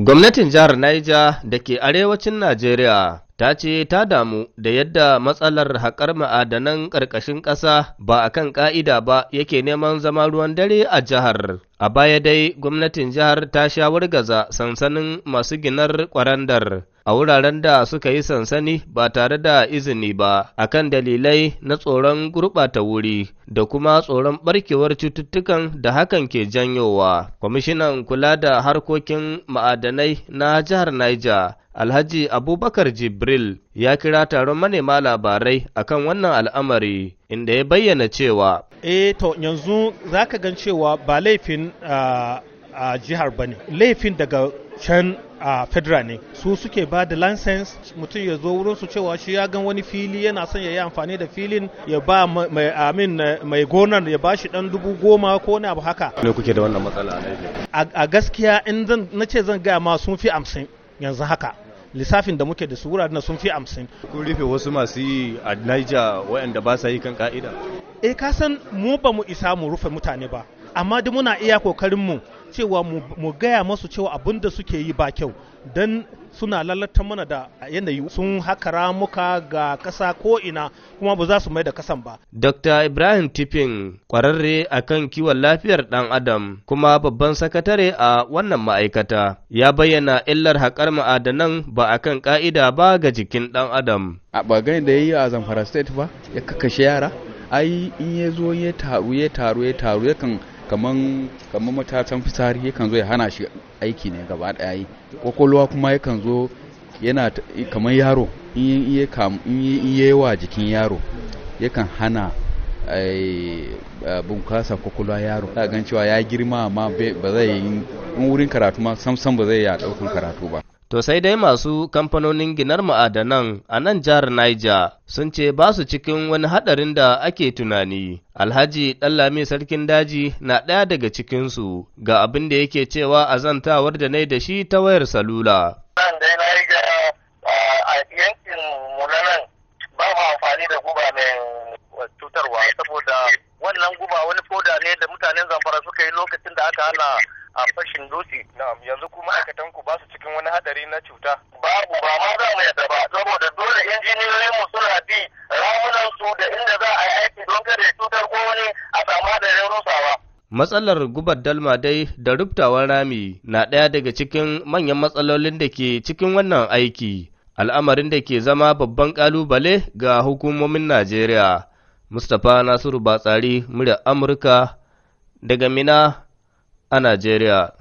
Gwamnatin jihar Niger da ke arewacin Najeriya ta ce ta damu da yadda matsalar haƙar ma'adanan ƙarƙashin ƙasa ba a kan ƙa'ida ba yake neman zama ruwan dare a jihar. A baya dai gwamnatin jihar ta sha wargaza sansanin masu ginar ƙwarandar a wuraren da suka yi sansani ba tare da izini ba a kan dalilai na tsoron gurɓata wuri da kuma tsoron ɓarkewar cututtukan da hakan ke janyowa. Kwamishinan kula da harkokin ma'adanai na jihar Niger Alhaji Abubakar Jibril ya kira taron manema labarai akan wannan al'amari inda ya bayyana cewa. E to yanzu za ka gan cewa ba laifin a jihar ba ne, laifin daga can a ne su suke ba da license mutum ya zo wurin cewa shi ya gan wani fili yana son ya yi amfani da filin ya ba mai amin mai gonar ya ba shi dan dubu goma ko ne abu haka ne kuke da wannan matsala a gaskiya in na ce zan gaya ma sun fi amsin yanzu haka lissafin da muke da su wuraren sun fi amsin kun rufe wasu masu yi a niger waɗanda ba sa yi kan ka'ida eh ka san mu ba mu isa mu rufe mutane ba amma duk muna iya kokarin mu cewa mu gaya masu cewa abin da suke yi ba kyau don suna lalata mana da yanayi sun haka ramuka ga ƙasa ina kuma ba za su mai da kasan ba. Dr. Ibrahim Tipping kwararre a kan kiwon lafiyar ɗan Adam kuma babban sakatare a wannan ma'aikata ya bayyana illar haƙar ma'adanan ba a kan ƙa'ida ba ga jikin ɗan Adam. A ganin da ya yi a Zamfara State ba ya kakashe yara ai in ya zo ya taru ya taru ya taru ya kan kaman kaman matatan fitari yakan zo ya hana shi aiki ne gaba daya yi kwakwalwa kuma yakan zo yana kaman yaro in yi wa jikin yaro yakan hana eh, eh, bunkasa kwakwalwa yaro ta gan cewa ya girma amma ba zai yi in wurin karatu ma sam sam ba zai ya daukan karatu ba To sai dai masu kamfanonin ginar ma'adanan a nan jihar Niger sun ce ba su cikin wani haɗarin da ake tunani. Alhaji Ɗallami Sarkin Daji na ɗaya daga cikinsu ga abin da yake cewa a zantawar da nai da shi ta wayar salula. Nan dai a yankin ba mu amfani da guba mai cutarwa saboda wannan guba wani foda ne da mutanen zamfara suka yi lokacin da aka hana a fashin dutse. yanzu kuma aikatan ku ba su cikin wani hadari na cuta? Babu ba ma za mu yadda ba saboda dole injiniyoyin mu suna bi ramunan su da inda za a yi aiki don kada ya cutar ko wani a samu hadarin rusawa. Matsalar gubar dalma dai da rubtawar rami na ɗaya daga cikin manyan matsalolin da ke cikin wannan aiki, al'amarin da ke zama babban ƙalubale ga hukumomin Najeriya. Mustapha Nasiru Batsari, murya Amurka, daga Mina a Najeriya.